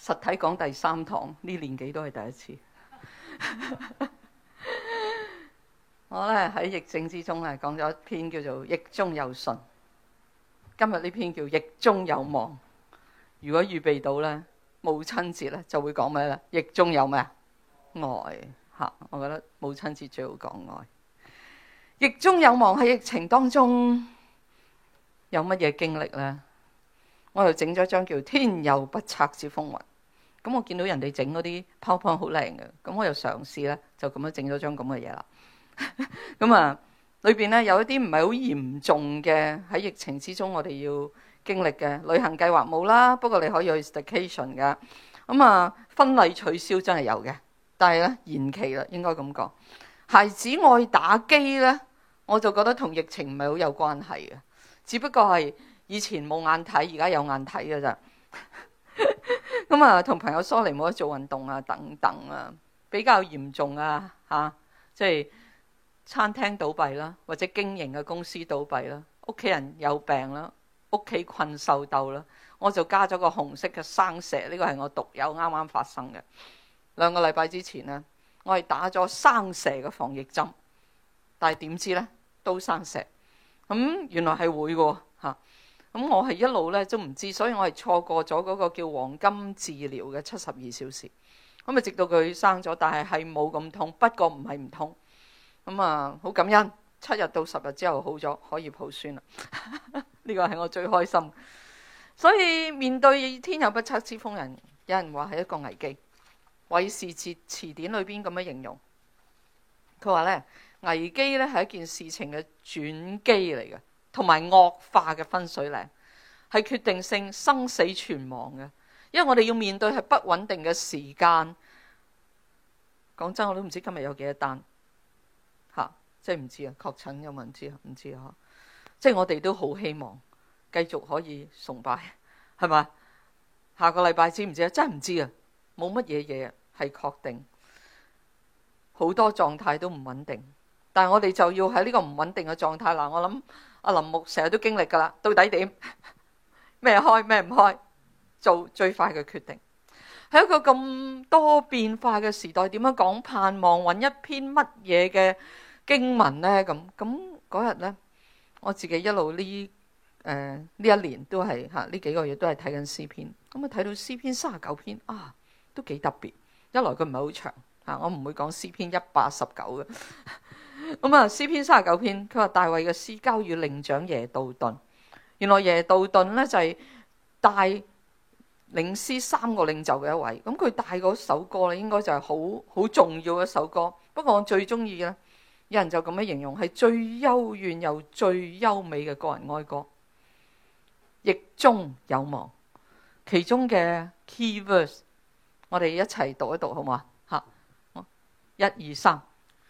實體講第三堂，呢年紀都係第一次。 我咧喺疫症之中咧講咗一篇叫做《疫中有信》，今日呢篇叫《疫中有望》。如果預備到咧母親節咧，就會講咩咧？疫中有咩啊？愛嚇！我覺得母親節最好講愛。疫中有望，喺疫情當中有乜嘢經歷咧？我又整咗張叫《天有不測之風雲》。咁我見到人哋整嗰啲 PowerPoint 好靚嘅，咁我又嘗試咧，就咁樣整咗張咁嘅嘢啦。咁 啊，裏邊咧有一啲唔係好嚴重嘅喺疫情之中我哋要經歷嘅，旅行計劃冇啦，不過你可以去 staycation 噶。咁啊，婚禮取消真係有嘅，但係咧延期啦，應該咁講。孩子愛打機咧，我就覺得同疫情唔係好有關係嘅，只不過係以前冇眼睇，而家有眼睇噶咋。咁啊，同朋友疏離，冇得做運動啊，等等啊，比較嚴重啊，嚇，即係餐廳倒閉啦，或者經營嘅公司倒閉啦，屋企人有病啦，屋企困獸鬥啦，我就加咗個紅色嘅生蛇，呢、這個係我獨有啱啱發生嘅兩個禮拜之前呢，我係打咗生蛇嘅防疫針，但係點知呢？都生蛇，咁、嗯、原來係會喎咁我係一路咧都唔知，所以我係錯過咗嗰個叫黃金治療嘅七十二小時。咁啊，直到佢生咗，但係係冇咁痛，不過唔係唔痛。咁啊，好感恩。七日到十日之後好咗，可以抱孫啦。呢 個係我最開心。所以面對天有不測之風雲，有人話係一個危機。韋氏詞詞典裏邊咁樣形容，佢話呢：「危機呢係一件事情嘅轉機嚟嘅。同埋惡化嘅分水嶺，係決定性生死存亡嘅。因為我哋要面對係不穩定嘅時間。講真，我都唔知今日有幾多單嚇、啊，即係唔知啊，確診有冇人知，唔知啊，唔知啊。即係我哋都好希望繼續可以崇拜，係咪？下個禮拜知唔知啊？真係唔知啊，冇乜嘢嘢係確定，好多狀態都唔穩定。但係我哋就要喺呢個唔穩定嘅狀態喇、呃，我諗。阿林木成日都經歷㗎喇，到底點？咩開咩唔開？做最快嘅決定。喺一個咁多變化嘅時代，點樣講盼望，揾一篇乜嘢嘅經文呢？咁咁嗰日呢，我自己一路呢誒，呢一年都係嚇，呢幾個月都係睇緊詩篇。咁啊，睇到詩篇三十九篇啊，都幾特別。一來佢唔係好長啊，我唔會講詩篇一百十九嘅。咁啊，詩篇三十九篇，佢話大衛嘅詩交與伶長耶杜頓。原來耶杜頓咧就係、是、帶領詩三個領袖嘅一位。咁佢帶嗰首歌咧，應該就係好好重要嘅一首歌。不過我最中意咧，有人就咁樣形容係最幽怨又最優美嘅個人哀歌，疫中有望。其中嘅 key verse，我哋一齊讀一讀好唔好啊？吓，一二三，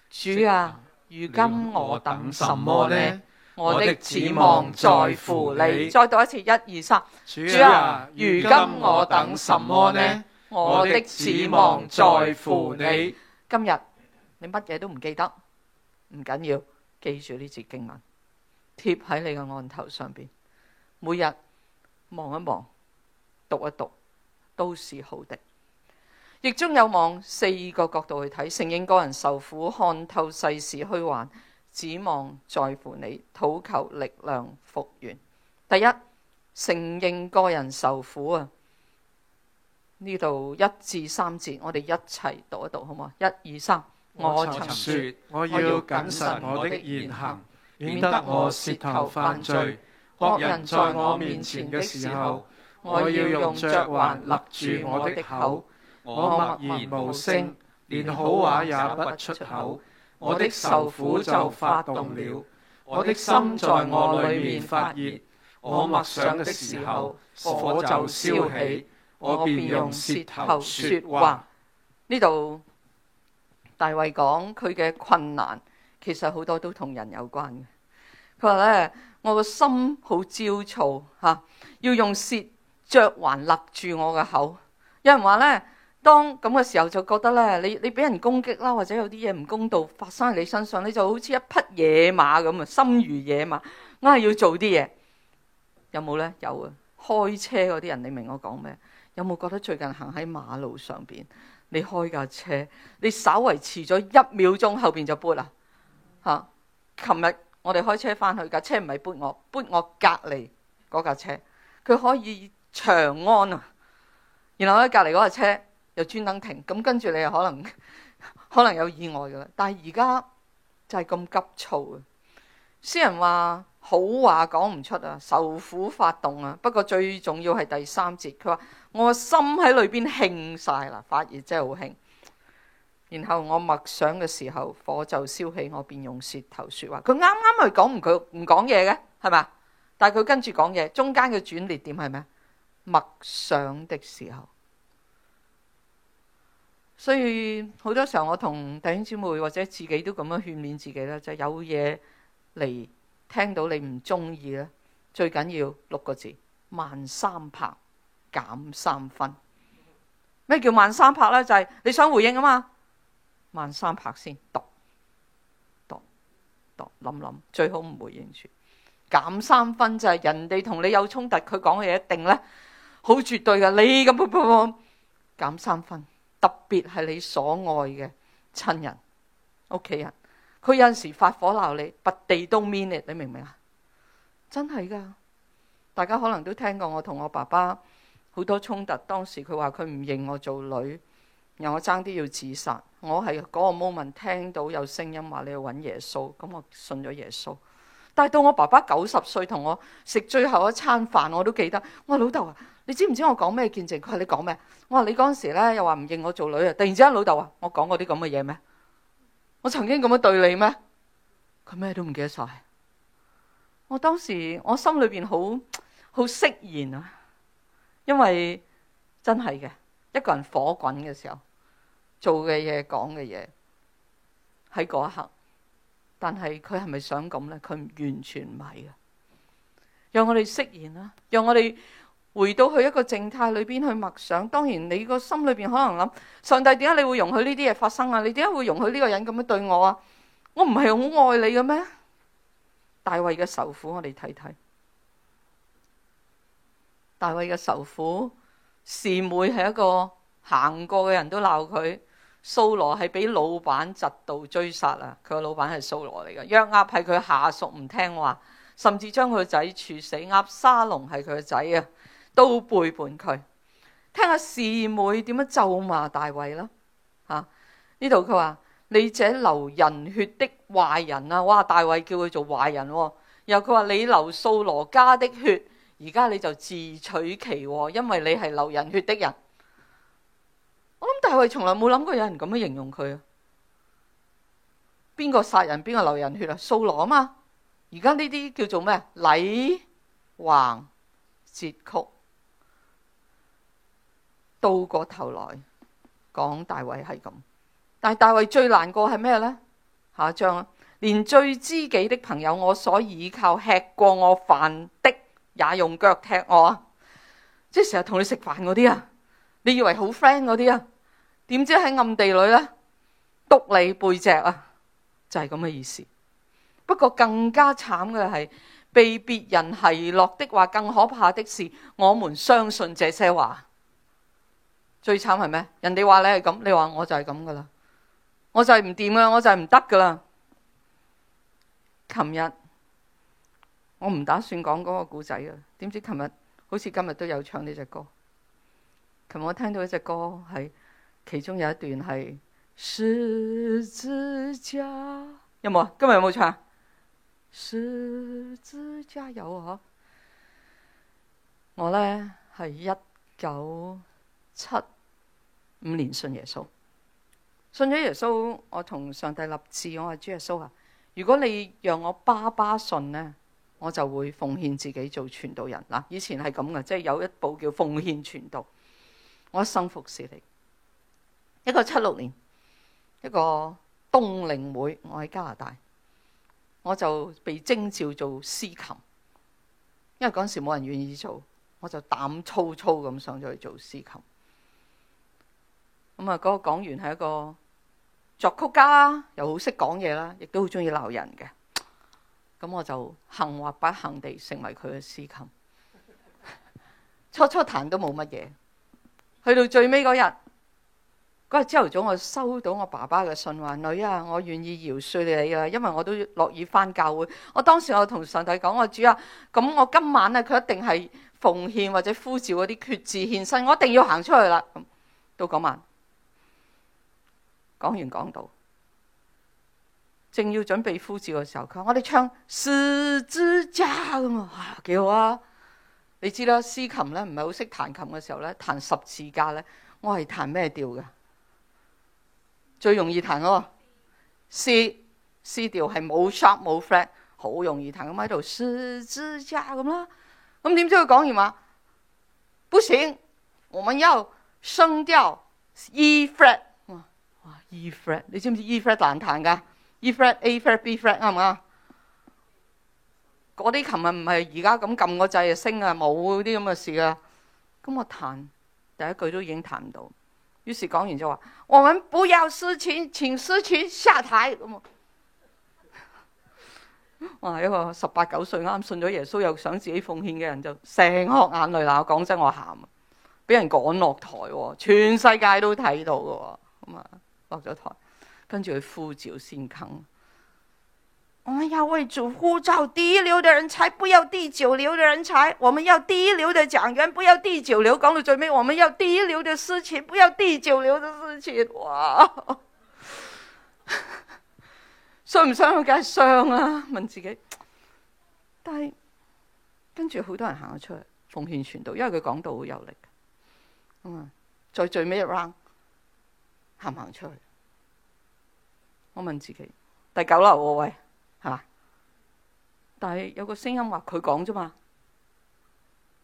主啊！如今我等什麼呢？我的指望在乎你。再讀一次，一二三。主啊，如今我等什麼呢？我的指望在乎你。今日你乜嘢都唔記得，唔緊要，記住呢節經文，貼喺你嘅案頭上邊，每日望一望，讀一讀，都是好的。疫中有望四個角度去睇，承認個人受苦，看透世事虛幻，指望在乎你，討求力量復原。第一，承認個人受苦啊！呢度一至三節，我哋一齊讀一讀好嘛？一、二、三。我曾說我要謹慎我的言行，免得我舌頭犯罪。惡人在我面前嘅時候，我要用嚼環勒住我的口。我默然無聲，連好話也不出口。我的受苦就發動了，我的心在我裏面發熱。我默想的時候，火就燒起。我便用舌頭說話。呢度大衛講佢嘅困難，其實好多都同人有關。佢話咧，我個心好焦躁，吓、啊、要用舌嚼環勒住我嘅口。有人話咧。當咁嘅時候就覺得咧，你你俾人攻擊啦，或者有啲嘢唔公道發生喺你身上，你就好似一匹野馬咁啊，心如野馬，我係要做啲嘢，有冇呢？有啊！開車嗰啲人，你明我講咩？有冇覺得最近行喺馬路上邊，你開架車，你稍為遲咗一秒鐘後面，後邊就撥啦吓？琴日我哋開車翻去架車唔係撥我，撥我隔籬嗰架車，佢可以長安啊，然後喺隔籬嗰架車。就專登停，咁跟住你又可能可能有意外噶啦。但係而家就係咁急躁啊！詩人話好話講唔出啊，受苦發動啊。不過最重要係第三節，佢話我心喺裏邊興晒啦，發熱真係好興。然後我默想嘅時候，火就燒起，我便用舌頭說話。佢啱啱係講唔佢唔講嘢嘅，係嘛？但係佢跟住講嘢，中間嘅轉捩點係咩？默想的時候。所以好多時候，我同弟兄姊妹或者自己都咁樣勸勉自己啦，就係有嘢嚟聽到你唔中意咧，最緊要六個字：慢三拍，減三分。咩叫慢三拍咧？就係你想回應啊嘛，慢三拍先讀讀讀，諗諗最好唔回應住。減三分就係人哋同你有衝突，佢講嘅嘢一定咧好絕對嘅，你咁樣唔好減三分。特別係你所愛嘅親人、屋企人，佢有陣時發火鬧你，but they don't mean it，你明唔明啊？真係噶，大家可能都聽過我同我爸爸好多衝突，當時佢話佢唔認我做女，然後我爭啲要自殺。我係嗰個 moment 聽到有聲音話你要揾耶穌，咁我信咗耶穌。但到我爸爸九十歲同我食最後一餐飯，我都記得。我話老豆啊，你知唔知我講咩見證？佢話你講咩？我話你嗰陣時咧又話唔認我做女啊！突然之間老豆話：我講過啲咁嘅嘢咩？我曾經咁樣對你咩？佢咩都唔記得晒。我當時我心裏邊好好釋然啊，因為真係嘅，一個人火滾嘅時候做嘅嘢講嘅嘢喺嗰一刻。但係佢係咪想咁咧？佢完全唔係嘅。讓我哋釋然啦，讓我哋回到去一個靜態裏邊去默想。當然，你個心裏邊可能諗：上帝點解你會容許呢啲嘢發生啊？你點解會容許呢個人咁樣對我啊？我唔係好愛你嘅咩？大衛嘅受苦，我哋睇睇。大衛嘅受苦，示每係一個行過嘅人都鬧佢。掃羅係俾老闆嫉妒追殺啊！佢個老闆係掃羅嚟嘅，約押係佢下屬唔聽話，甚至將佢個仔處死。押沙龍係佢個仔啊，都背叛佢。聽下示每點樣咒罵大衛啦吓？呢度佢話你這流人血的壞人啊！哇，大衛叫佢做壞人，啊。又佢話你流掃羅家的血，而家你就自取其禍，哦，因為你係流人血的人。我諗大衛從來冇諗過有人咁樣形容佢啊！邊個殺人邊個流人血啊？掃羅啊嘛！而家呢啲叫做咩？禮橫節曲到過頭來講大衛係咁，但係大衛最難過係咩呢？下一章啊，連最知己的朋友，我所倚靠、吃過我飯的，也用腳踢我啊，即係成日同你食飯嗰啲啊，你以為好 friend 嗰啲啊？點知喺暗地裏咧，督你背脊啊，就係咁嘅意思。不過更加慘嘅係，被別人奚落的話，更可怕的是，我們相信這些話。最慘係咩？人哋話你係咁，你話我就係咁噶啦，我就係唔掂噶，我就係唔得噶啦。琴日我唔打算講嗰個故仔啊，點知琴日好似今日都有唱呢隻歌。琴日我聽到一隻歌係。其中有一段係十字架，有冇？啊，今日有冇唱？十字架有啊。我咧係一九七五年信耶穌，信咗耶穌，我同上帝立志，我話主耶穌啊，如果你讓我爸爸信咧，我就會奉獻自己做傳道人嗱。以前係咁嘅，即係有一部叫奉獻傳道，我一生服侍你。一九七六年，一個冬令會，我喺加拿大，我就被徵召做司琴，因為嗰時冇人願意做，我就膽粗粗咁上咗去做司琴。咁啊，嗰個講員係一個作曲家，又好識講嘢啦，亦都好中意鬧人嘅。咁我就幸或不幸地成為佢嘅司琴，初初彈都冇乜嘢，去到最尾嗰日，嗰日朝頭早我收到我爸爸嘅信話，女啊，我願意饒恕你啊，因為我都樂意返教會。我當時我同上帝講，我主啊，咁我今晚咧，佢一定係奉獻或者呼召嗰啲決志獻身，我一定要行出去啦。到嗰晚講完講道，正要準備呼召嘅時候，佢話我哋唱十字架咁啊，幾好啊！你知啦，司琴咧，唔係好識彈琴嘅時候咧，彈十字架咧，我係彈咩調嘅？最容易彈喎，C C 調係冇 sharp 冇 flat，好容易彈，咁喺度嘶嘶喳咁啦。咁點知佢講完話，不行，我們要升調 E flat？哇 E flat，你知唔知 E flat 難彈噶？E flat、A flat、B flat 啱唔啱？嗰啲琴日唔係而家咁撳個掣升啊，冇啲咁嘅事啊。咁我彈第一句都已經彈唔到。於是講完就話，我們不要司琴，請司琴下台咁啊！ 哇，一個十八九歲啱信咗耶穌又想自己奉獻嘅人就成殼眼淚流，講真我喊啊！俾人趕落台，哦，全世界都睇到嘅，哦，咁啊落咗台，跟住佢呼召先坑。我們要為主呼召第一流的人才，不要第九流的人才；我們要第一流的講員，不要第九流講到最尾，我們要第一流的事情，不要第九流的事情。哇，傷唔傷？我梗係傷啦，問自己。但係跟住好多人行咗出去，奉獻全道，因為佢講道好有力。咁、嗯、啊，再最尾一 round 行唔行出去？我問自己，第九樓喎喂。係嘛，啊。但係有個聲音話佢講啫嘛。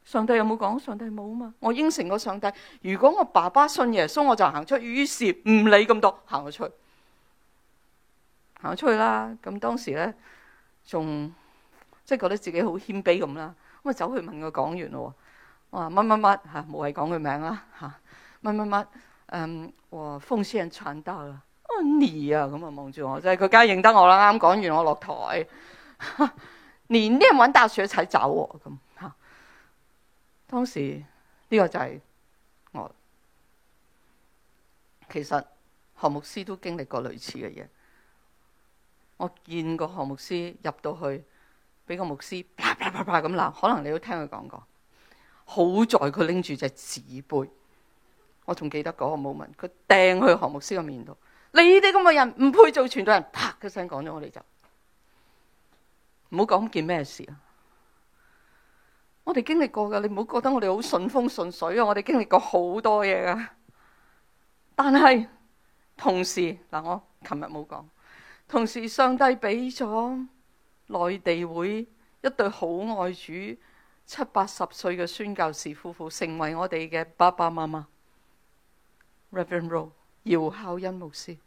上帝有冇講？上帝冇啊嘛。我應承過上帝，如果我爸爸信耶穌，我就行出，於是唔理咁多，行咗出去，行咗出去啦。咁、啊、當時咧，仲即係覺得自己好謙卑咁啦。咁啊走去問佢講完咯。喎。我話乜乜乜吓，冇謂講佢名啦吓。乜乜乜，嗯、啊，我奉獻傳道啦。啊啊啊啊安妮啊，咁啊望住我，即係佢梗係認得我啦。啱講完，我落台連啲人搵大雪一齊走咁吓。當時呢個就係我。其實何牧師都經歷過類似嘅嘢。我見過何牧師入到去俾個牧師啪啪啪啪咁鬧，可能你都聽佢講過。好在佢拎住隻紙杯，我仲記得嗰個 moment，佢掟去何牧師個面度。你哋咁嘅人唔配做傳道人，啪一聲講咗，我哋就唔好講件咩事啊！我哋經歷過噶，你唔好覺得我哋好順風順水啊！我哋經歷過好多嘢噶，但係同時嗱，我琴日冇講，同時上帝俾咗內地會一對好愛主、七八十歲嘅宣教士夫婦，成為我哋嘅爸爸媽媽，Rev. Law, 姚孝恩牧師。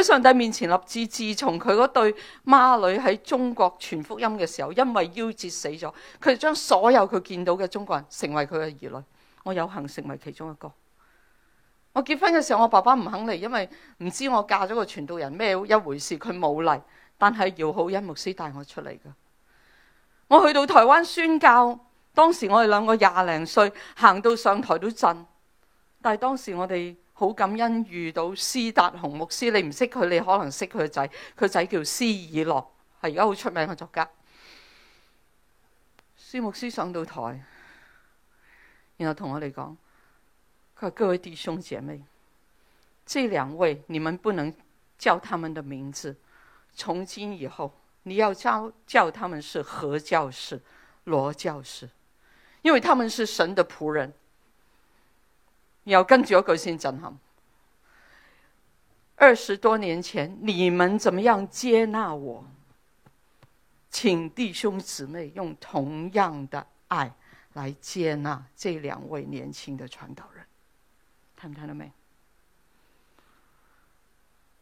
喺上帝面前立志，自從佢嗰對孖女喺中國傳福音嘅時候，因為夭折死咗，佢將所有佢見到嘅中國人成為佢嘅兒女。我有幸成為其中一個。我結婚嘅時候，我爸爸唔肯嚟，因為唔知我嫁咗個傳道人咩一回事，佢冇嚟。但係姚浩恩牧師帶我出嚟嘅。我去到台灣宣教，當時我哋兩個廿零歲，行到上台都震。但係當時我哋。好感恩遇到斯達洪牧師，你唔識佢，你可能識佢個仔，佢仔叫斯以樂，係而家好出名嘅作家。斯牧師上到台，然後同我哋講：佢話各位弟兄姐妹，這兩位你們不能叫他們的名字，從今以後你要招叫,叫他們是何教士、羅教士，因為他們是神的僕人。你要跟住我個性震撼。二十多年前你們怎麼樣接納我，請弟兄姊妹用同樣的愛來接納這兩位年輕的傳道人。聽唔聽到沒？明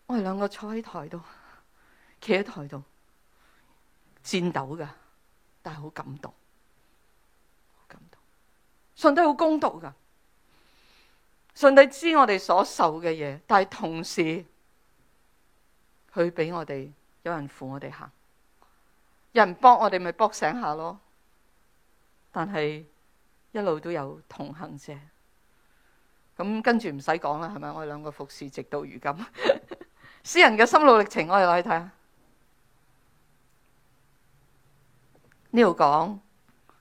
我哋兩個坐喺台度，企喺台度，顫抖㗎，但係好感動，好感動。上帝好公道㗎。上帝知我哋所受嘅嘢，但係同時佢畀我哋有人扶我哋行，有人幫我哋咪幫醒下咯。但係一路都有同行者，咁跟住唔使講啦，係咪？我哋兩個服侍直到如今。 詩人嘅心路歷程，我哋去睇下呢度講，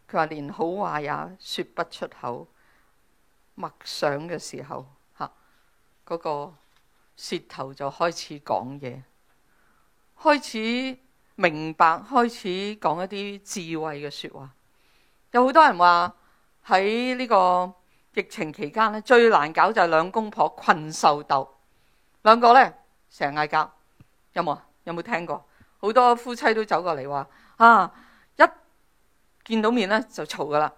佢話連好話也說不出口。默想嘅時候，吓、那、嗰個舌頭就開始講嘢，開始明白，開始講一啲智慧嘅說話。有好多人話喺呢個疫情期間咧，最難搞就係兩公婆困獸鬥，兩個咧成日嗌交，有冇啊？有冇聽過？好多夫妻都走過嚟話啊，一見到面咧就嘈噶啦。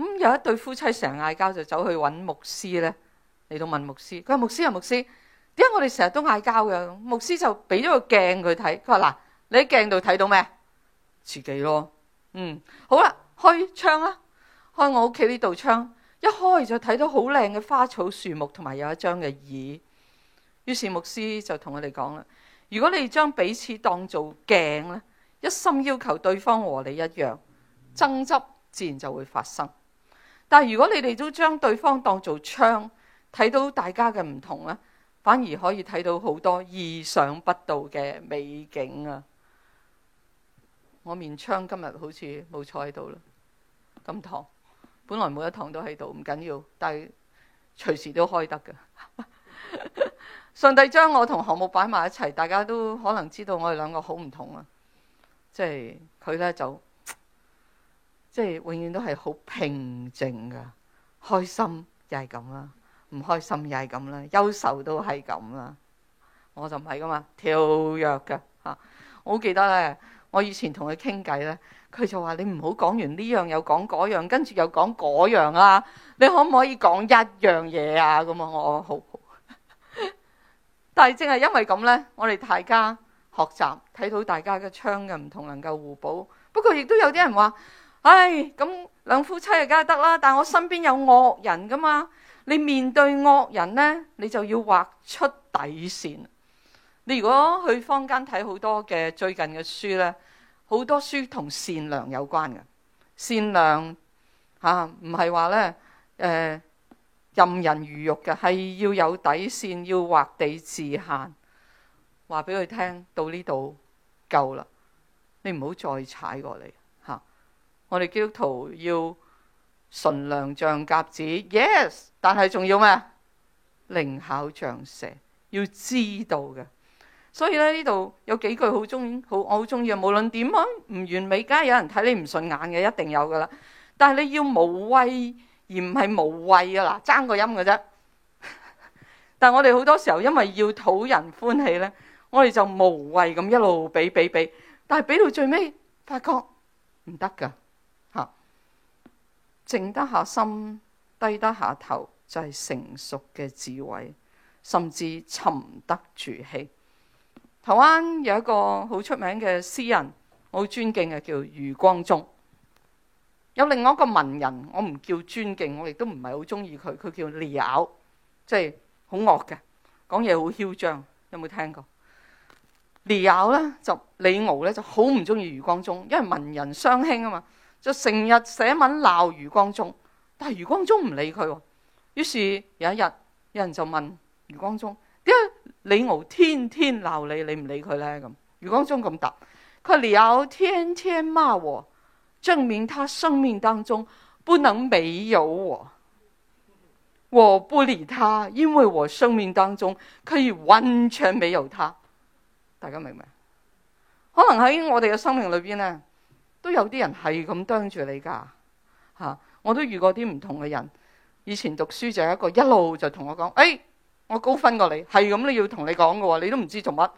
咁、嗯、有一對夫妻成日嗌交，就走去揾牧師呢，嚟到問牧師。佢話牧師啊，牧師，點解我哋成日都嗌交嘅？牧師就俾咗個鏡佢睇。佢話嗱，你喺鏡度睇到咩？自己咯。嗯，好啦，開窗啦，開我屋企呢度窗，一開就睇到好靚嘅花草樹木同埋有一張嘅椅。於是牧師就同佢哋講啦：如果你將彼此當做鏡咧，一心要求對方和你一樣，爭執自然就會發生。但係如果你哋都將對方當做窗，睇到大家嘅唔同咧，反而可以睇到好多意想不到嘅美景啊！我面窗今日好似冇坐喺度啦，今堂，本來每一堂都喺度，唔緊要，但係隨時都開得嘅。 上帝將我同項目擺埋一齊，大家都可能知道我哋兩個好唔同啊！即係佢咧就係呢。就即係永遠都係好平靜噶，開心又係咁啦，唔開心又係咁啦，憂愁都係咁啦。我就唔係噶嘛，跳躍嘅嚇。我好記得咧，我以前同佢傾偈咧，佢就話：你唔好講完呢樣，又講嗰樣，跟住又講嗰樣啊。你可唔可以講一樣嘢啊？咁啊， 我好好。但係正係因為咁咧，我哋大家學習睇到大家嘅窗嘅唔同，能夠互補。不過亦都有啲人話。唉，咁兩夫妻啊，梗係得啦。但我身邊有惡人噶嘛，你面對惡人呢，你就要劃出底線。你如果去坊間睇好多嘅最近嘅書呢，好多書同善良有關嘅，善良吓唔係話呢，誒、呃、任人魚肉嘅，係要有底線，要劃地自限。話俾佢聽到呢度夠啦，你唔好再踩過嚟。我哋基督徒要純良像鴿子，yes，但係仲要咩？靈巧像蛇，要知道嘅。所以咧呢度有幾句好中意好，我好中意啊！無論點啊，唔完美梗係有人睇你唔順眼嘅，一定有噶啦。但係你要無畏而唔係無謂啊！嗱，爭個音噶啫。但係我哋好多時候因為要討人歡喜咧，我哋就無謂咁一路俾俾俾，但係俾到最尾發覺唔得噶。靜得下心，低得下頭，就係、是、成熟嘅智慧，甚至沉得住氣。台灣有一個好出名嘅詩人，我好尊敬嘅，叫余光中。有另外一個文人，我唔叫尊敬，我亦都唔係好中意佢，佢叫李敖，即係好惡嘅，講嘢好囂張。有冇聽過？李敖呢，就李敖呢，就好唔中意余光中，因為文人相輕啊嘛。就成日寫文鬧余光中，但係余光中唔理佢。於是有一日，有人就問余光中：點解李敖天天鬧你，你唔理佢呢？」咁余光中咁答：佢話，李敖天天罵我，證明他生命當中不能沒有我。我不理他，因為我生命當中可以完全沒有他。大家明唔明？可能喺我哋嘅生命裏邊呢。都有啲人係咁啄住你㗎嚇、啊，我都遇過啲唔同嘅人。以前讀書就係一個一路就同我講，誒、哎，我高分過你，係咁你要同你講嘅喎，你都唔知做乜。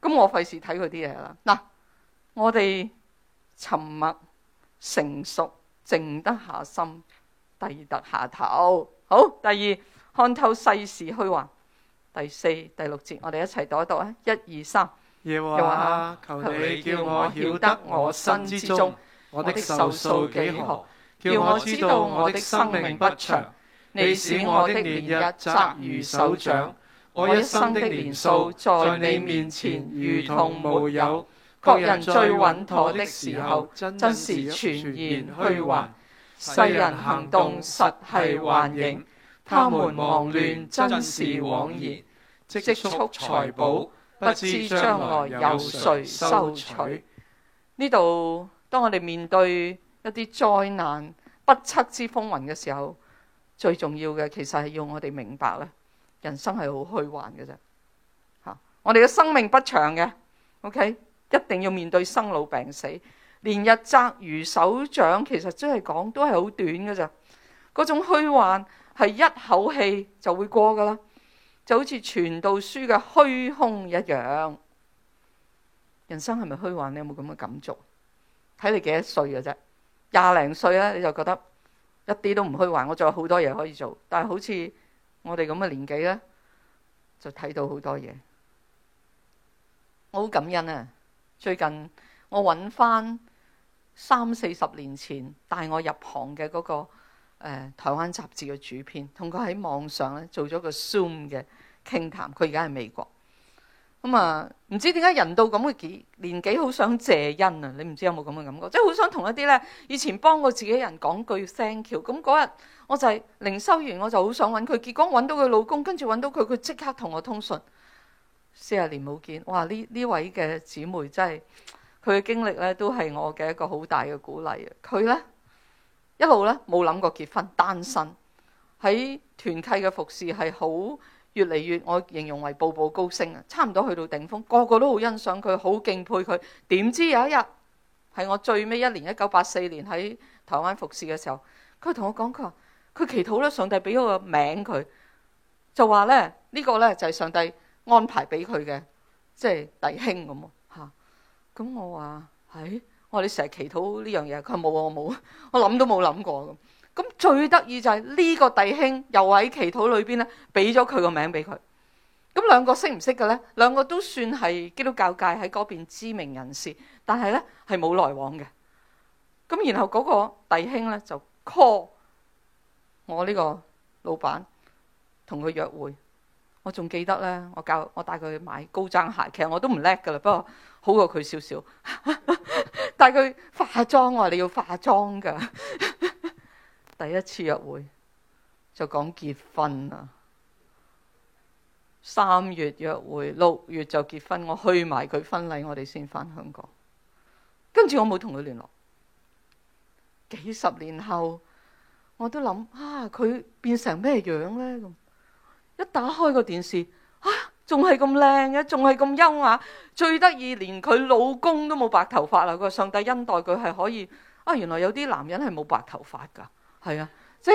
咁 我費事睇佢啲嘢啦。嗱、啊，我哋沉默、成熟、靜得下心、低得下頭。好，第二，看透世事虛幻。第四、第六節，我哋一齊讀一讀啊！一、二、三。耶和華啊，求你叫我曉得我身之中，我的壽數幾何？叫我知道我的生命不長。你使我的年日窄如手掌，我一生的年數在你面前如同無有。各人最穩妥的時候，真是全然虛幻；世人行動實係幻影，他們忙亂真是枉然。積蓄財寶。不知將來由誰收取？呢度，當我哋面對一啲災難，不測之風雲嘅時候，最重要嘅其實係要我哋明白咧，人生係好虛幻嘅啫。吓、啊、我哋嘅生命不長嘅，OK，一定要面對生老病死，連日責如手掌，其實真係講都係好短嘅啫。嗰種虛幻係一口氣就會過噶啦。就好似傳道書嘅虛空一樣，人生係咪虛幻？你有冇咁嘅感觸？睇你幾多歲嘅啫，廿零歲咧你就覺得一啲都唔虛幻，我仲有好多嘢可以做。但係好似我哋咁嘅年紀咧，就睇到好多嘢，我好感恩啊！最近我揾翻三四十年前帶我入行嘅嗰個誒台灣雜誌嘅主編，同佢喺網上咧做咗個 Zoom 嘅。傾談，談，佢而家喺美國，咁、嗯、啊，唔知點解人到咁嘅年紀好想謝恩啊！你唔知有冇咁嘅感覺，即係好想同一啲呢，以前幫過自己人講句 Thank you」嗯。咁嗰日我就係靈修完，我就好想揾佢，結果揾到佢老公，跟住揾到佢，佢即刻同我通訊。四十年冇見，哇！呢呢位嘅姊妹真係佢嘅經歷呢都係我嘅一個好大嘅鼓勵啊！佢呢一路呢，冇諗過結婚，單身喺團契嘅服侍係好。越嚟越，我形容為步步高升啊，差唔多去到頂峰，個個都好欣賞佢，好敬佩佢。點知有一日係我最尾一年，一九八四年喺台灣服侍嘅時候，佢同我講，佢話：佢祈禱咧，上帝俾咗個名佢，就話咧呢個咧就係上帝安排俾佢嘅，即係弟兄咁啊嚇。咁我話：，哎，我話你成日祈禱呢樣嘢，佢冇啊，我冇，我諗都冇諗過咁。咁最得意就係呢個弟兄又喺祈禱裏邊咧，俾咗佢個名俾佢。咁兩個識唔識嘅咧？兩個都算係基督教界喺嗰邊知名人士，但係咧係冇來往嘅。咁然後嗰個弟兄咧就 call 我呢個老闆同佢約會。我仲記得咧，我教我帶佢去買高踭鞋，其實我都唔叻噶啦，不過好過佢少少。 帶佢化妝，我話你要化妝噶。 第一次約會就講結婚啊。三月約會六月就結婚，我去埋佢婚禮，我哋先翻香港。跟住我冇同佢聯絡，幾十年後我都諗啊，佢變成咩樣呢？一打開個電視啊，仲係咁靚嘅，仲係咁優雅，最得意連佢老公都冇白頭髮啦！佢話上帝恩待佢係可以啊，原來有啲男人係冇白頭髮噶。係啊，即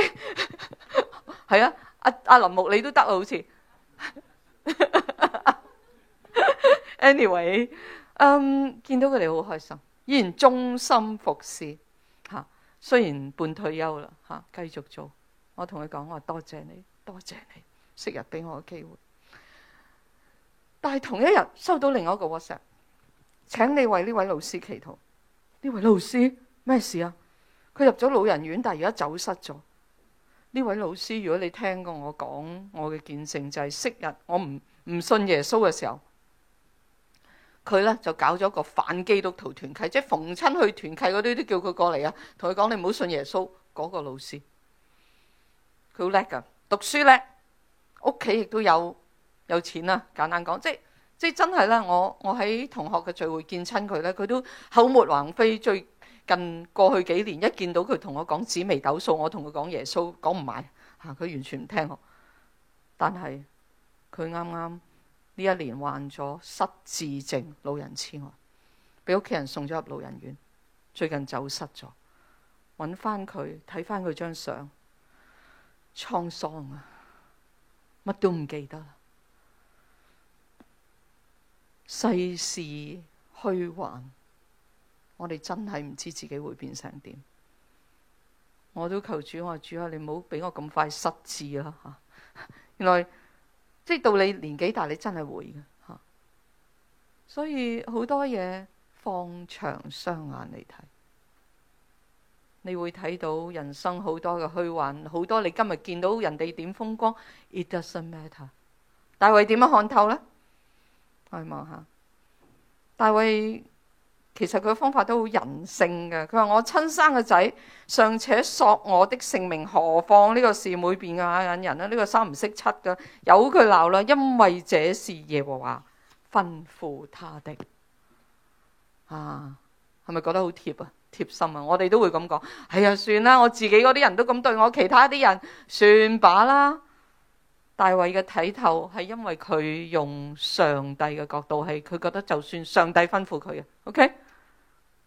係啊，阿阿林木你都得啊，好似 ，anyway，嗯，見到佢哋好開心，依然忠心服侍，吓、啊，雖然半退休啦，吓、啊，繼續做。我同佢講，我話多謝你，多謝你，昔日俾我嘅機會。但係同一日收到另外一個 WhatsApp，請你為呢位老師祈禱。呢位老師咩事啊？佢入咗老人院，但係而家走失咗。呢位老師，如果你聽過我講我嘅見證，就係昔日我唔唔信耶穌嘅時候，佢咧就搞咗個反基督徒團契，即係逢親去團契嗰啲都叫佢過嚟啊，同佢講你唔好信耶穌。嗰、嗰個老師，佢好叻㗎，讀書叻，屋企亦都有有錢啦。簡單講，即係即係真係咧，我我喺同學嘅聚會見親佢咧，佢都口沫橫飛最近過去幾年，一見到佢同我講紫微斗數，我同佢講耶穌，講唔埋，嚇佢完全唔聽我。但係佢啱啱呢一年患咗失智症，老人痴呆，畀屋企人送咗入老人院，最近走失咗，揾返佢，睇返佢張相，滄桑啊，乜都唔記得啦，世事虛幻。我哋真係唔知自己會變成點，我都求主，我話，主啊，你唔好俾我咁快失智啦吓、啊！原來即係到你年紀大，你真係會嘅吓、啊。所以好多嘢放長雙眼嚟睇，你會睇到人生好多嘅虛幻，好多你今日見到人哋點風光，It doesn't matter。大衛點樣看透呢？我望下大衛。其實佢嘅方法都好人性嘅。佢話我親生嘅仔尚且索我的性命，何況呢個示每便雅憫人咧？呢、呢個三唔識七噶，由佢鬧啦。因為這是耶和華吩咐他的啊，係咪覺得好貼啊、貼心啊？我哋都會咁講。哎呀，算啦，我自己嗰啲人都咁對我，其他啲人算把啦。大衛嘅睇透係因為佢用上帝嘅角度係，佢覺得就算上帝吩咐佢嘅，OK。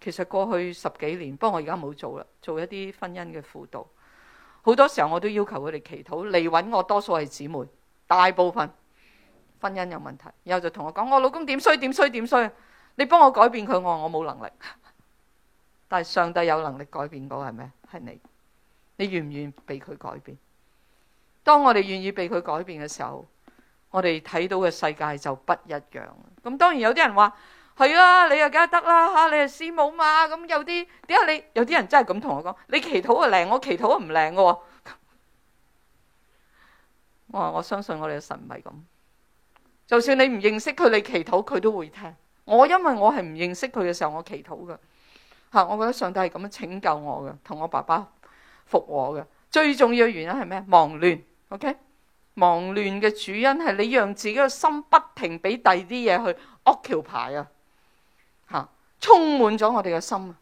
其實過去十幾年，不過我而家冇做啦，做一啲婚姻嘅輔導。好多時候我都要求佢哋祈禱嚟揾我，多數係姊妹，大部分婚姻有問題，然後就同我講： 我老公點衰點衰點衰，你幫我改變佢，我話我冇能力。但係上帝有能力改變嗰個係咩？係你，你願唔願意被佢改變？當我哋願意被佢改變嘅時候，我哋睇到嘅世界就不一樣。咁當然有啲人話。係啊，你又梗係得啦吓，你係師母嘛咁、嗯、有啲點解。你有啲人真係咁同我講，你祈禱啊靈，我祈禱唔靈嘅喎。我話我相信我哋嘅神唔係咁，就算你唔認識佢，你祈禱佢都會聽。我因為我係唔認識佢嘅時候，我祈禱嘅嚇，我覺得上帝係咁樣拯救我嘅，同我爸爸復和嘅。最重要嘅原因係咩？忙亂，OK？忙亂嘅主因係你讓自己個心不停俾第二啲嘢去 occupy 啊。充滿咗我哋嘅心，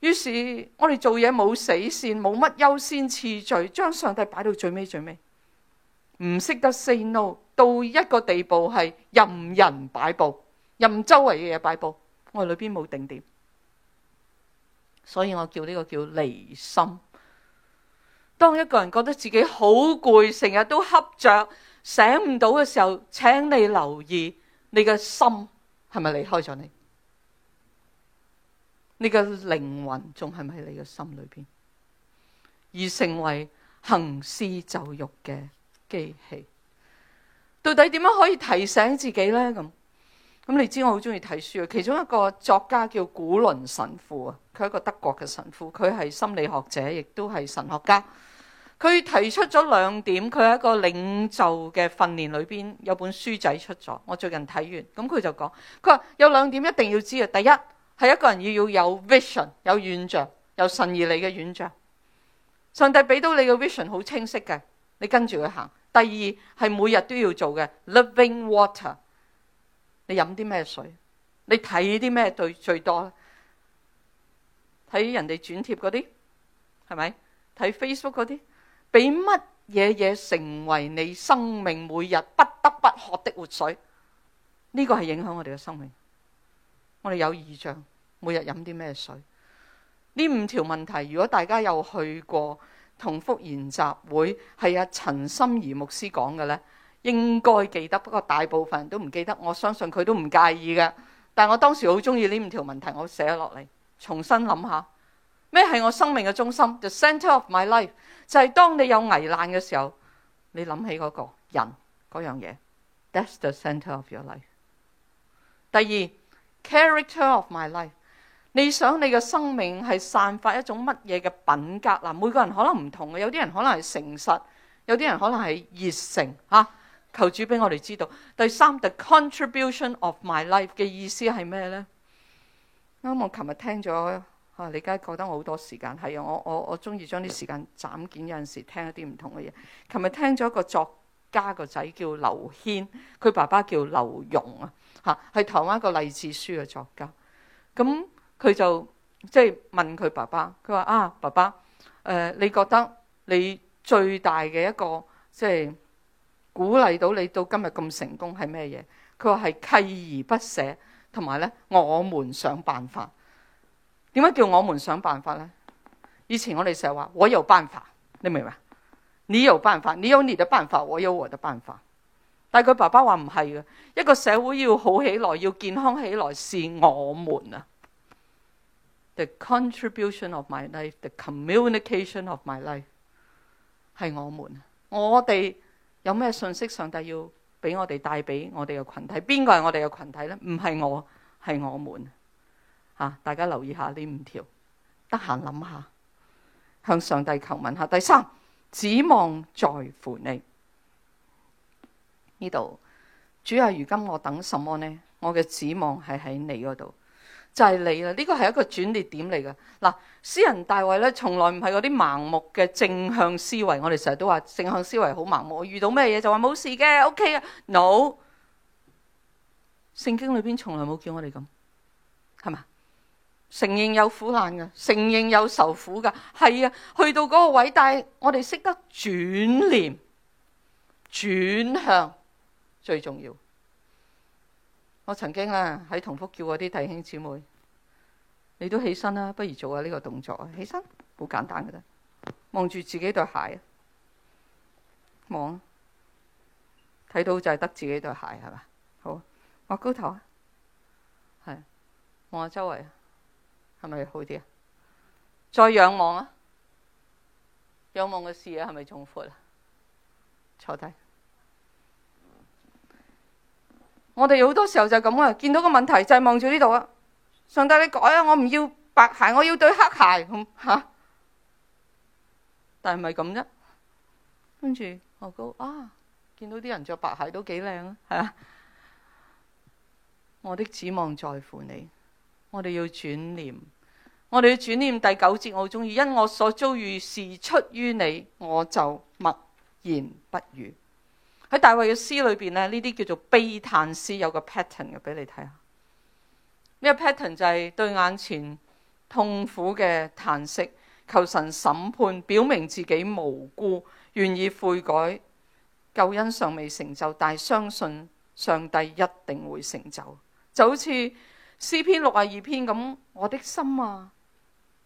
於是我哋做嘢冇死線，冇乜優先次序，將上帝擺到最尾最尾，唔識得 say no，到一個地步係任人擺佈，任周圍嘅嘢擺佈，我哋裏邊冇定點，所以我叫呢個叫離心。當一個人覺得自己好攰，成日都恰着醒唔到嘅時候，請你留意你嘅心係咪離開咗你？你嘅靈魂仲係咪喺你嘅心裏邊，而成為行屍走肉嘅機器？到底點樣可以提醒自己呢？咁咁你知我好中意睇書啊。其中一個作家叫古倫神父啊，佢係一個德國嘅神父，佢係心理學者，亦都係神學家。佢提出咗兩點，佢喺一個領袖嘅訓練裏邊有本書仔出咗，我最近睇完，咁佢就講，佢話有兩點一定要知啊，第一。係一個人要要有 vision，有願象，有神而嚟嘅願象，上帝俾到你嘅 vision 好清晰嘅，你跟住佢行。第二係每日都要做嘅，living water。你飲啲咩水？你睇啲咩最最多？睇人哋轉貼嗰啲，係咪睇 Facebook 嗰啲？俾乜嘢嘢成為你生命每日不得不喝的活水？呢、這個係影響我哋嘅生命。我哋有異象，每日飲啲咩水？呢五條問題，如果大家有去過同福研習會，係阿陳心怡牧師講嘅呢，應該記得。不過大部分人都唔記得，我相信佢都唔介意嘅。但係我當時好中意呢五條問題，我寫落嚟，重新諗下咩係我生命嘅中心？The center of my life 就係當你有危難嘅時候，你諗起嗰、那個人嗰樣嘢。That's the center of your life。第二。Character of my life，你想你嘅生命係散發一種乜嘢嘅品格嗱？每個人可能唔同嘅，有啲人可能係誠實，有啲人可能係熱誠嚇。求主俾我哋知道。第三，the contribution of my life 嘅意思係咩呢？啱、嗯、我琴日聽咗嚇、啊，你而家覺得我好多時間係啊！我我我中意將啲時間斬件，有陣時聽一啲唔同嘅嘢。琴日聽咗一個作家個仔叫劉軒，佢爸爸叫劉墉啊。嚇，係台灣一個勵志書嘅作家，咁佢就即係問佢爸爸，佢話啊，爸爸，誒、呃，你覺得你最大嘅一個即係、就是、鼓勵到你到今日咁成功係咩嘢？佢話係契而不捨，同埋咧，我們想辦法。點解叫我們想辦法咧？以前我哋成日話我有辦法，你明唔明？你有辦法，你有你的辦法，我有我嘅辦法。但佢爸爸話，唔係嘅，一個社會要好起來，要健康起來，是我們啊。The contribution of my life, the communication of my life，係我們。我哋有咩信息？上帝要俾我哋帶俾我哋嘅群體？邊個係我哋嘅群體呢？唔係我，係我們。啊。大家留意下呢五條，得閒諗下，向上帝求問下。第三，指望在乎祢。呢度，主啊，如今我等什麼呢？我嘅指望係喺你嗰度，就係你啊！呢個係一個轉捩點嚟噶。嗱，詩人大衛咧，從來唔係嗰啲盲目嘅正向思維。我哋成日都話正向思維好盲目，我遇到咩嘢就話冇事嘅，O K 嘅，no。聖經裏邊從來冇叫我哋咁，係嘛？承認有苦難嘅，承認有愁苦嘅，係啊。去到嗰個位，但係我哋識得轉念，轉向。最重要，我曾經啊喺同福叫我啲弟兄姊妹，你都起身啦，不如做下呢個動作啊！起身，好 簡單嘅啫，望住自己對鞋啊，望，睇到就係得自己對鞋係嘛，好，望高頭啊，係，望下周圍啊，係咪好啲啊？再仰望啊，仰望嘅視野係咪重闊啊？坐低。我哋好多時候就係咁啊，見到個問題就係望住呢度啊，上帝你改啊，我唔要白鞋，我要對黑鞋咁吓、嗯啊，但係咪咁啫？跟住我講啊，見到啲人着白鞋都幾靚啊，係啊。我的指望在乎你，我哋要轉念，我哋要轉念第九節，我好中意，因我所遭遇事出於你，我就默然不語。喺大衛嘅詩裏邊呢，呢啲叫做悲嘆詩，有個 pattern 嘅俾你睇下。呢個 pattern 就係對眼前痛苦嘅嘆息，求神審判，表明自己無辜，願意悔改，救恩尚未成就，但係相信上帝一定會成就。就好似詩篇六十二篇咁，我的心啊，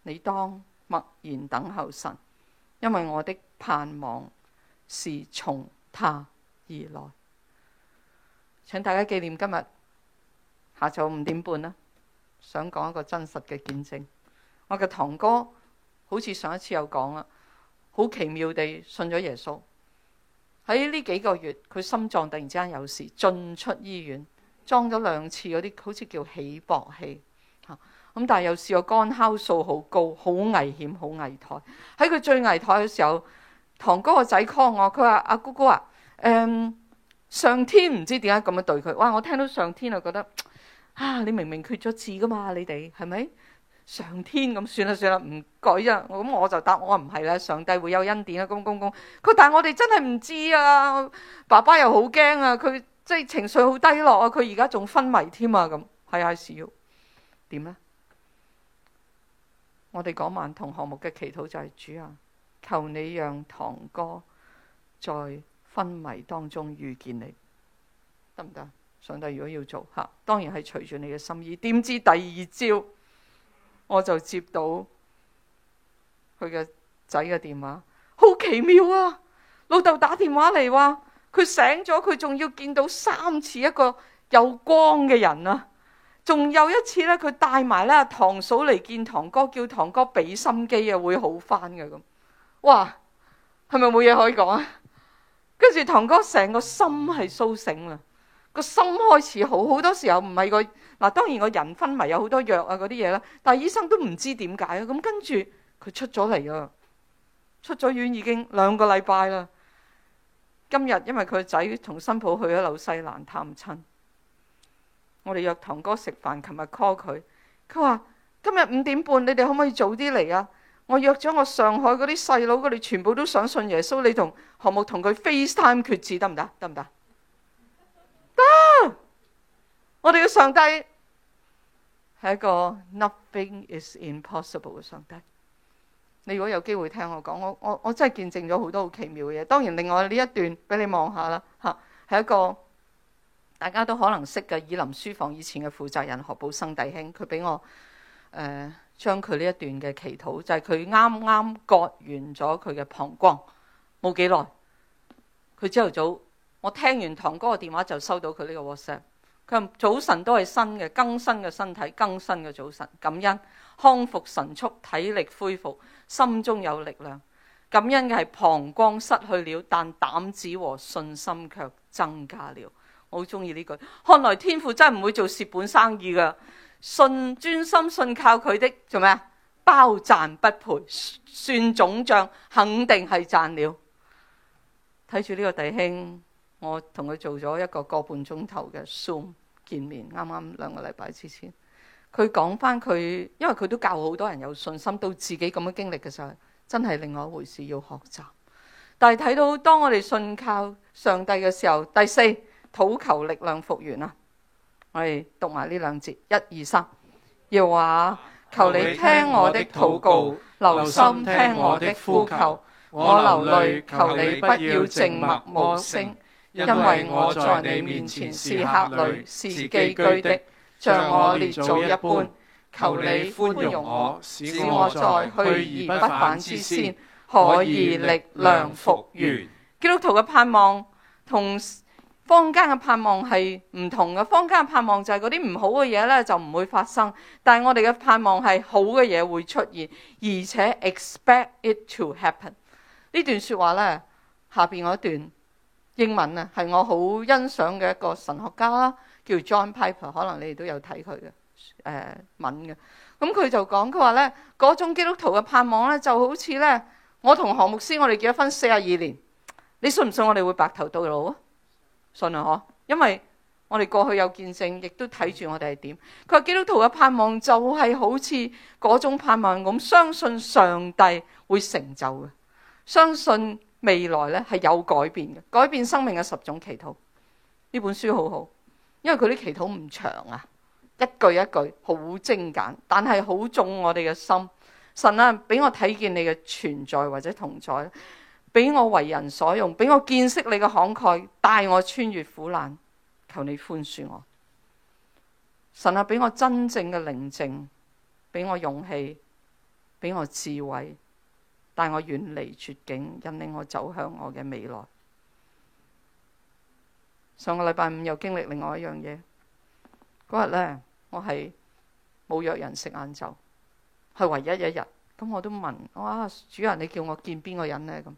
你當默然等候神，因為我的盼望是從他而來，請大家紀念今日下晝五點半啦。想講一個真實嘅見證，我嘅堂哥好似上一次有講啦，好奇妙地信咗耶穌。喺呢幾個月，佢心臟突然之間有事，進出醫院裝咗兩次嗰啲，好似叫起搏器吓咁。但係又試過肝酵素好高，好危險，好危殆。喺佢最危殆嘅時候，堂哥個仔 call 我，佢話，阿姑姑啊。誒、um，上天唔知點解咁樣對佢，哇！我聽到上天就覺得啊，你明明缺咗字噶嘛，你哋係咪？上天咁算啦算啦，唔改啊！我、嗯、咁我就答我唔係啦，上帝會有恩典啊！公公公，佢但係我哋真係唔知啊！爸爸又好驚啊，佢即係情緒好低落啊，佢而家仲昏迷添啊！咁係啊少點呢？我哋嗰晚同項目嘅祈禱就係主啊，求你讓堂哥再……昏迷當中遇見你，得唔得？上帝如果要做吓，當然係隨住你嘅心意。點知第二朝我就接到佢嘅仔嘅電話，好奇妙啊！老豆打電話嚟，話佢醒咗，佢仲要見到三次一個有光嘅人啊！仲有一次呢，佢帶埋咧堂嫂嚟見堂哥，叫堂哥俾心機啊，會好翻嘅咁。哇，係咪冇嘢可以講啊？跟住堂哥成個心係蘇醒啦，個心開始好。好多時候唔係個嗱，當然個人昏迷有好多藥啊嗰啲嘢啦，但係醫生都唔知點解啊。咁跟住佢出咗嚟啊，出咗院已經兩個禮拜啦。今日因為佢個仔同新抱去咗紐西蘭探親，我哋約堂哥食飯。琴日 call 佢，佢話今日五點半，你哋可唔可以早啲嚟啊？我約咗我上海嗰啲細佬，佢哋全部都想信耶穌。你同何牧同佢 FaceTime 決志得唔得？得唔得？得！我哋嘅上帝係一個 Nothing is impossible 嘅上帝。你如果有機會聽我講，我我我真係見證咗好多好奇妙嘅嘢。當然，另外呢一段俾你望下啦，吓係一個大家都可能識嘅。以林書房以前嘅負責人何寶生弟兄，佢俾我誒。呃將佢呢一段嘅祈禱就係佢啱啱割完咗佢嘅膀胱冇幾耐，佢朝頭早我聽完堂哥個電話就收到佢呢個 WhatsApp。佢話，早晨都係新嘅更新嘅身體，更新嘅早晨，感恩康復神速，體力恢復，心中有力量，感恩嘅係膀胱失去了，但膽子和信心卻增加了。我好鍾意呢句，看來天父真係唔會做蝕本生意㗎。信專心信靠佢的做咩啊？包賺不賠，算總賬肯定係賺了。睇住呢個弟兄，我同佢做咗一個個半鐘頭嘅 Zoom 見面，啱啱兩個禮拜之前，佢講返佢，因為佢都教好多人有信心，到自己咁樣經歷嘅時候，真係另外一回事要學習。但係睇到當我哋信靠上帝嘅時候，第四，討求力量復原啊！我哋讀埋呢兩節，一二三，要話，求你聽我的禱告，留心聽我的呼求，我流淚，求，求你不要靜默無聲，因為我在你面前是客旅，是寄居的，像我列祖一般，求你寬容我，使我在去而不返之先，可以力量復原。基督徒嘅盼望同。坊間嘅盼望係唔同嘅。坊間盼望就係嗰啲唔好嘅嘢咧，就唔會發生。但係我哋嘅盼望係好嘅嘢會出現，而且 expect it to happen 段說呢段說話咧，下邊嗰段英文啊，係我好欣賞嘅一個神學家啦，叫 John Piper，可能你哋都有睇佢嘅誒文嘅。咁佢、嗯、就講佢話咧，嗰種基督徒嘅盼望咧，就好似咧我同何牧師我哋結咗婚四十二年，你信唔信我哋會白頭到老啊？信啊嗬，因為我哋過去有見證，亦都睇住我哋係點。佢話基督徒嘅盼望就係好似嗰種盼望咁，相信上帝會成就嘅，相信未來咧係有改變嘅。改變生命嘅十種祈禱。呢本書好好，因為佢啲祈禱唔長啊，一句一句好精簡，但係好中我哋嘅心。神啊，俾我睇見你嘅存在或者同在。俾我為人所用，俾我見識你嘅慷慨，帶我穿越苦難，求你寬恕我。神啊，俾我真正嘅寧靜，畀我勇氣，畀我智慧，帶我遠離絕境，引領我走向我嘅未來。上個禮拜五又經歷另外一樣嘢，嗰日呢，我係冇約人食晏晝，係唯一一日。咁我都問，「哇，主人，你叫我見邊個人呢？」咁。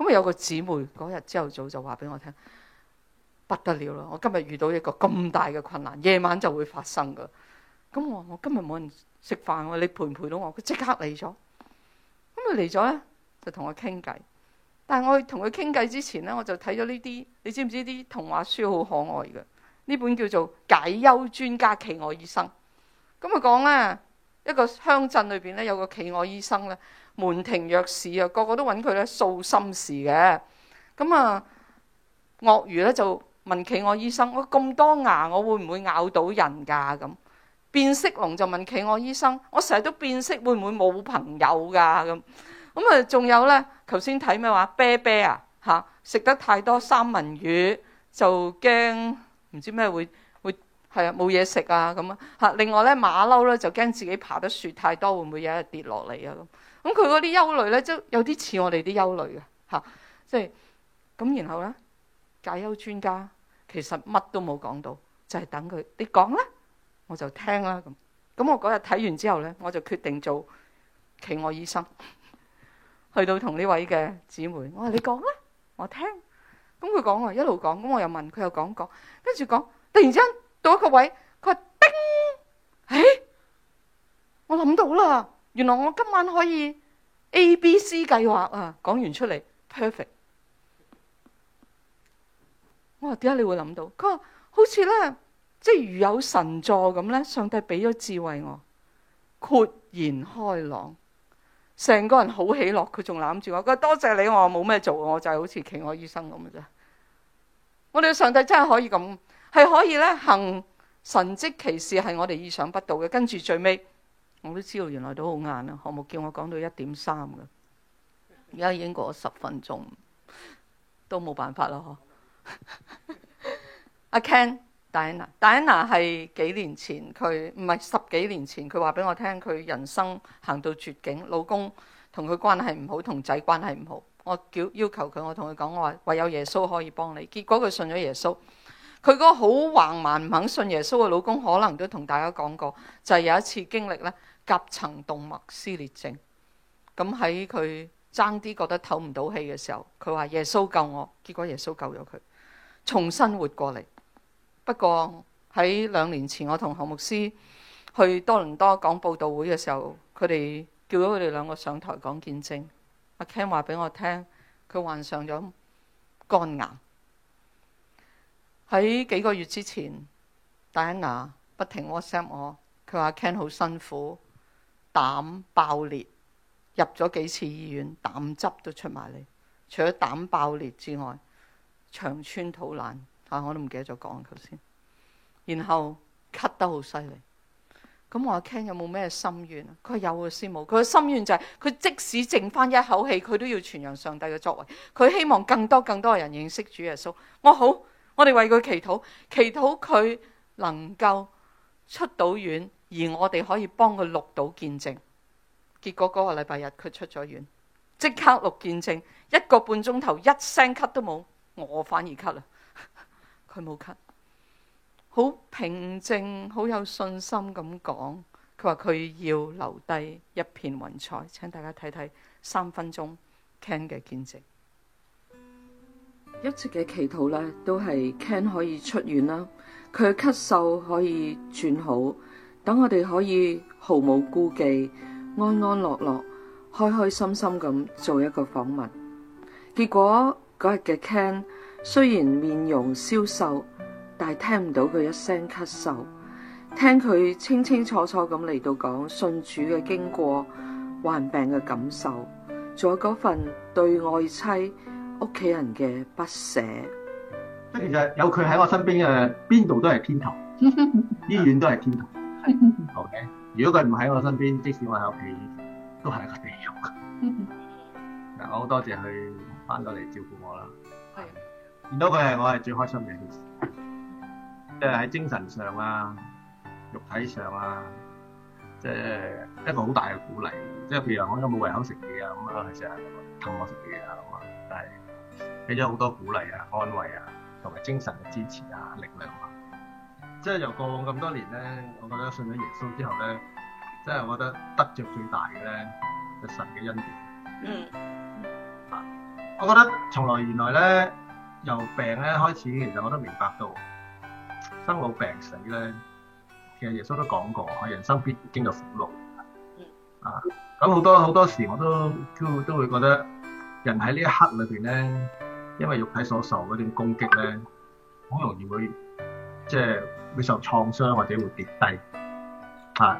咁啊，有個姊妹嗰日朝頭早就話俾我聽，不得了咯！我今日遇到一個咁大嘅困難，夜晚就會發生噶。咁我話我今日冇人食飯喎，你陪唔陪到我？佢即刻嚟咗。咁佢嚟咗咧，就同我傾偈。但係我同佢傾偈之前咧，我就睇咗呢啲，你知唔知啲童話書好可愛嘅？呢本叫做《解憂專家奇愛醫生》呢。咁佢講咧。一個鄉鎮裏邊咧，有個企鵝醫生咧，門庭若市啊，個個都揾佢咧訴心事嘅。咁啊，鱷魚咧就問企鵝醫生：我咁多牙，我會唔會咬到人噶？咁變色龍就問企鵝醫生：我成日都變色，會唔會冇朋友噶？咁咁啊，仲有咧，頭先睇咩話？啤啤啊，吓食得太多三文魚，就驚唔知咩會。係啊，冇嘢食啊咁啊嚇。另外咧，馬騮咧就驚自己爬得雪太多，會唔會有一日跌落嚟啊？咁咁佢嗰啲憂慮咧，就有啲似我哋啲憂慮啊。嚇、就係，即係咁。然後咧，解憂專家其實乜都冇講到，就係、係、等佢你講啦，我就聽啦咁。咁我嗰日睇完之後咧，我就決定做企外醫生， 去到同呢位嘅姊妹，我話你講啦，我聽。咁佢講啊，一路講咁，我又問佢又講講，跟住講突然之間。到一個位，佢話：叮，誒，我諗到啦，原來我今晚可以 A、B、C 計劃啊！講完出嚟，perfect。我話：點解你會諗到？佢話：好似咧，即係如有神助咁咧，上帝俾咗智慧我，豁然開朗，成個人好喜樂。佢仲攬住我，佢話：多謝你，我冇咩做，我就係好似祈我醫生咁嘅啫。我哋嘅上帝真係可以咁。係可以咧行神蹟奇事，係我哋意想不到嘅。跟住最尾，我都知道原來都好晏啊。項目叫我講到一點三嘅？而家已經過咗十分鐘，都冇辦法啦。呵，阿 Ken，戴安娜，戴安娜係幾年前佢唔係十幾年前，佢話俾我聽，佢人生行到絕境，老公同佢關係唔好，同仔關係唔好。我叫要求佢，我同佢講，我話唯有耶穌可以幫你。結果佢信咗耶穌。佢嗰個好橫蠻唔肯信耶穌嘅老公，可能都同大家講過，就係、是、有一次經歷咧，夾層動脈撕裂症。咁喺佢爭啲覺得透唔到氣嘅時候，佢話耶穌救我，結果耶穌救咗佢，重新活過嚟。不過喺兩年前，我同何牧師去多倫多講佈道會嘅時候，佢哋叫咗佢哋兩個上台講見證。阿 Ken 話俾我聽，佢患上咗肝癌。喺幾個月之前，Dana 不停 WhatsApp 我，佢話 Ken 好辛苦，膽爆裂，入咗幾次醫院，膽汁都出埋嚟。除咗膽爆裂之外，腸穿肚爛嚇，我都唔記得咗講頭先。然後咳得好犀利，咁我阿 Ken 有冇咩心願？佢話有啊，師母。佢嘅心願就係，佢即使剩翻一口氣，佢都要傳揚上帝嘅作為。佢希望更多更多人認識主耶穌。我好。我哋為佢祈禱，祈禱佢能夠出到院，而我哋可以幫佢錄到見證。結果嗰個禮拜日佢出咗院，即刻錄見證，一個半鐘頭一聲咳都冇，我反而咳啦。佢冇咳，好平靜，好有信心咁講。佢話佢要留低一片雲彩，請大家睇睇三分鐘 can 嘅見證。一直嘅祈禱咧，都係 Ken 可以出院啦，佢咳嗽可以轉好，等我哋可以毫無顧忌、安安樂樂、開開心心咁做一個訪問。結果嗰日嘅 Ken 雖然面容消瘦，但係聽唔到佢一聲咳嗽，聽佢清清楚楚咁嚟到講信主嘅經過、患病嘅感受，仲有嗰份對愛妻、屋企人嘅不捨，即係其實有佢喺我身邊嘅邊度都係天堂， 醫院都係天堂。OK 如果佢唔喺我身邊，即使我喺屋企都係一個地獄。嗱， 我好多謝佢翻到嚟照顧我啦。係是。見到佢係我係最開心嘅事，即係喺精神上啊、肉體上啊，即係一個好大嘅鼓勵。即係譬如我有冇胃口食嘢啊，咁啊成日氹我食嘢啊，咁啊，係。俾咗好多鼓勵啊、安慰啊，同埋精神嘅支持啊、力量啊，即係由過往咁多年咧，我覺得信咗耶穌之後咧，即係我覺得得着最大嘅咧，就神嘅恩典。嗯。嗯啊，我覺得從來原來咧，由病咧開始，其實我都明白到生老病死咧，其實耶穌都講過，我人生必經歷苦路。嗯。嗯啊，咁好多好多時我都都都會覺得。人喺呢一刻裏面咧，因為肉體所受嗰種攻擊咧，好容易會即係會受創傷或者會跌低嚇。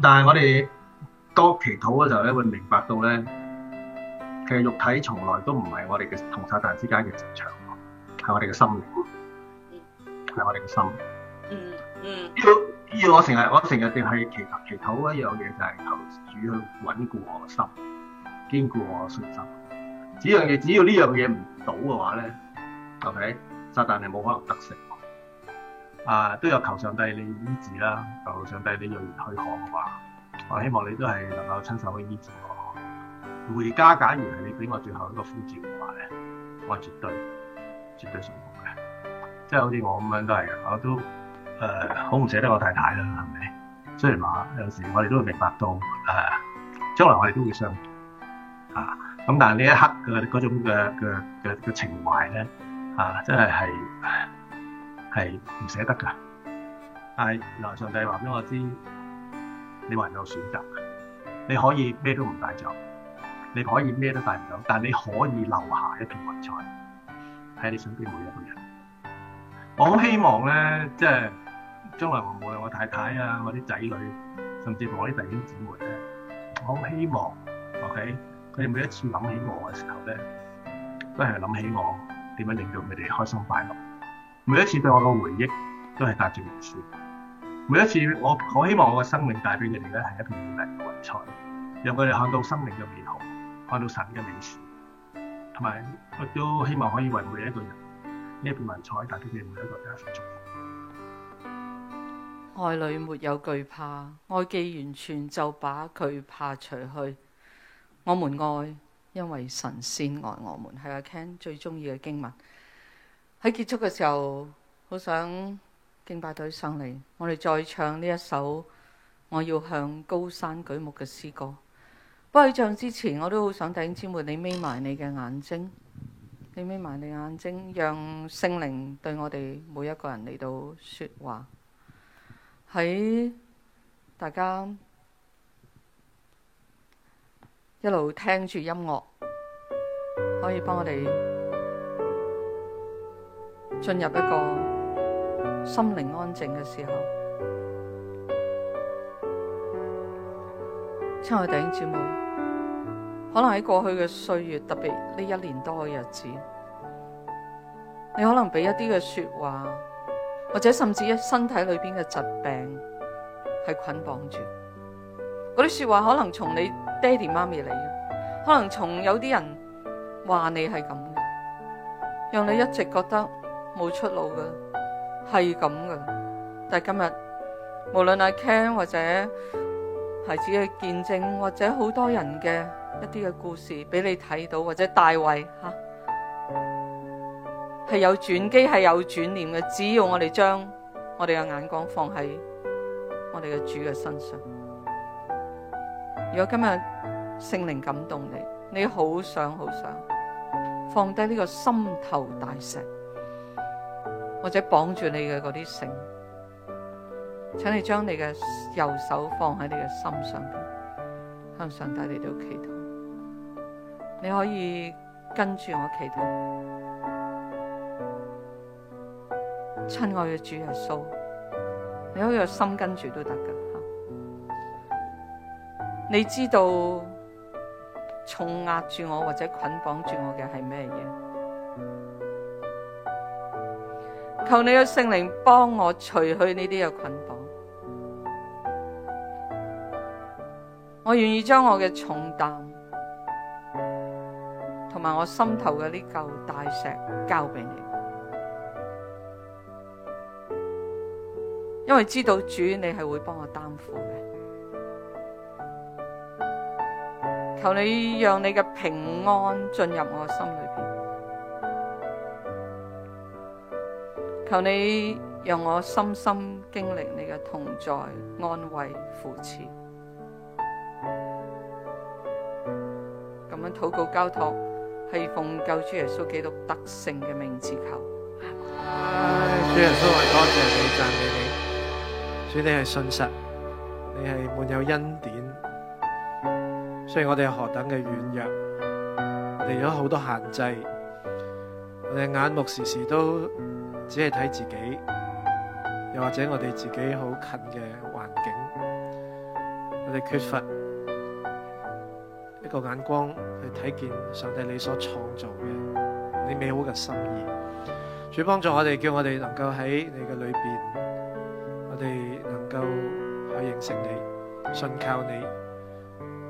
但係我哋多祈禱嘅時候咧，會明白到咧，其實肉體從來都唔係我哋嘅同撒旦之間嘅戰場，係我哋嘅心靈，係我哋嘅心靈，嗯。嗯嗯。要要我成日我成日淨係祈求祈禱一樣嘢，就係求主去穩固我嘅心，堅固我信心。呢樣嘢只要呢樣嘢唔到嘅話咧，係、OK? 咪撒旦係冇可能得勝？啊，都有求上帝你醫治啦，求上帝你讓佢康嘅話，我希望你都係能夠親手去醫治我，喔。回家假如係你俾我最後一個呼召嘅話咧，我絕對絕對信服嘅，即係好似我咁樣都係，我都誒好唔捨得我太太啦，係咪？雖然話有時我哋都會明白到誒、啊，將來我哋都會相。啊。咁但係呢一刻嘅嗰種嘅嘅嘅嘅情懷咧，啊，真係係係唔捨得噶。係、哎、嗱，上帝話畀我知，你話有選擇，你可以咩都唔帶走，你可以咩都帶唔走，但係你可以留下一片雲彩喺你身邊每一個人。我好希望咧，即係將來我無論我太太啊，我啲仔女，甚至乎我啲弟兄姊妹咧，我好希望，OK。你每一次諗起我嘅時候咧，都係諗起我點樣令到你哋開心快樂。每一次對我嘅回憶都係帶住微笑。每一次我我希望我嘅生命帶俾佢哋咧係一片美麗嘅雲彩，讓佢哋看到生命嘅美好，看到神嘅美善。同埋，我都希望可以為每一個人呢一片雲彩帶俾每一個人一份祝福。愛裏沒有懼怕，愛既完全就把懼怕除去。我們愛，因為神先愛我們，係阿 Ken 最中意嘅經文。喺結束嘅時候，好想敬拜隊上嚟，我哋再唱呢一首我要向高山舉目嘅詩歌。不過喺唱之前，我都好想請姊妹你眯埋你嘅眼睛，你眯埋你眼睛，讓聖靈對我哋每一個人嚟到說話。喺大家。一路聽住音樂，可以幫我哋進入一個心靈安靜嘅時候。親愛的弟兄姊妹，可能喺過去嘅歲月，特別呢一年多嘅日子，你可能俾一啲嘅說話，或者甚至一身體裏面嘅疾病係捆綁住。嗰啲說話可能從你。爹哋媽咪嚟嘅，可能從有啲人話你係咁嘅，讓你一直覺得冇出路噶，係咁嘅。但係今日，無論阿 Ken 或者孩子嘅見證，或者好多人嘅一啲嘅故事俾你睇到，或者大衛吓係有轉機，係有轉念嘅。只要我哋將我哋嘅眼光放喺我哋嘅主嘅身上。如果今日聖靈感動你，你好想好想放低呢個心頭大石，或者綁住你嘅嗰啲繩，請你將你嘅右手放喺你嘅心上邊，向上帝你度祈禱。你可以跟住我祈禱，親愛嘅主耶穌，你可以我心跟住都得噶。你知道重壓住我或者捆綁住我嘅係咩嘢？求你嘅聖靈幫我除去呢啲嘅捆綁。我願意將我嘅重擔同埋我心頭嘅呢嚿大石交俾你，因為知道主你係會幫我擔負嘅。求你讓你嘅平安進入我心裏邊，求你讓我深深經歷你嘅同在、安慰、扶持。咁樣禱告交託，係奉救主耶穌基督得勝嘅名字求。主耶穌，多謝你讚美你，主你係信實，你係滿有恩典。被我哋何等嘅軟弱，嚟咗好多限制，我哋眼目時時都只係睇自己，又或者我哋自己好近嘅環境，我哋缺乏一個眼光去睇見上帝你所創造嘅你美好嘅心意。主幫助我哋，叫我哋能夠喺你嘅裏邊，我哋能夠去認識你，信靠你。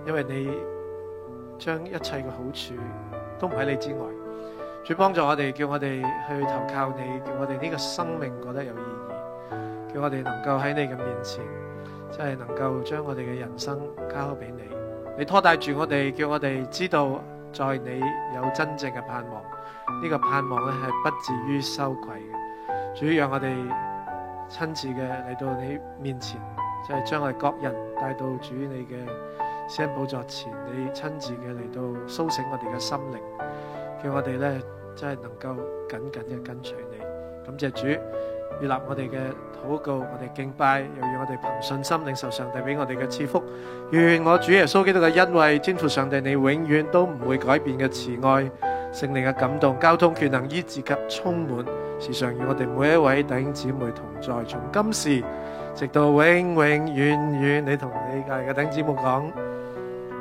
因為你將一切嘅好處都唔喺你之外，主幫助我哋，叫我哋去投靠你，叫我哋呢個生命覺得有意義，叫我哋能夠喺你嘅面前，即係能夠將我哋嘅人生交俾你。你拖帶住我哋，叫我哋知道在你有真正嘅盼望，呢個盼望咧係不至於羞愧嘅。主讓我哋親自嘅嚟到你面前，即係將我哋各人帶到主你嘅。聖寶座前,你親自嘅,嚟到,蘇醒我哋嘅心靈,叫我哋呢,真係能夠,緊緊嘅,跟隨你。咁,謝主,與立我哋嘅,禱告,我哋敬拜,又願我哋憑信心領受上帝俾我哋嘅賜福。願我主耶穌基督嘅恩惠,天父上帝你永遠都唔會改變嘅慈愛,聖靈嘅感動,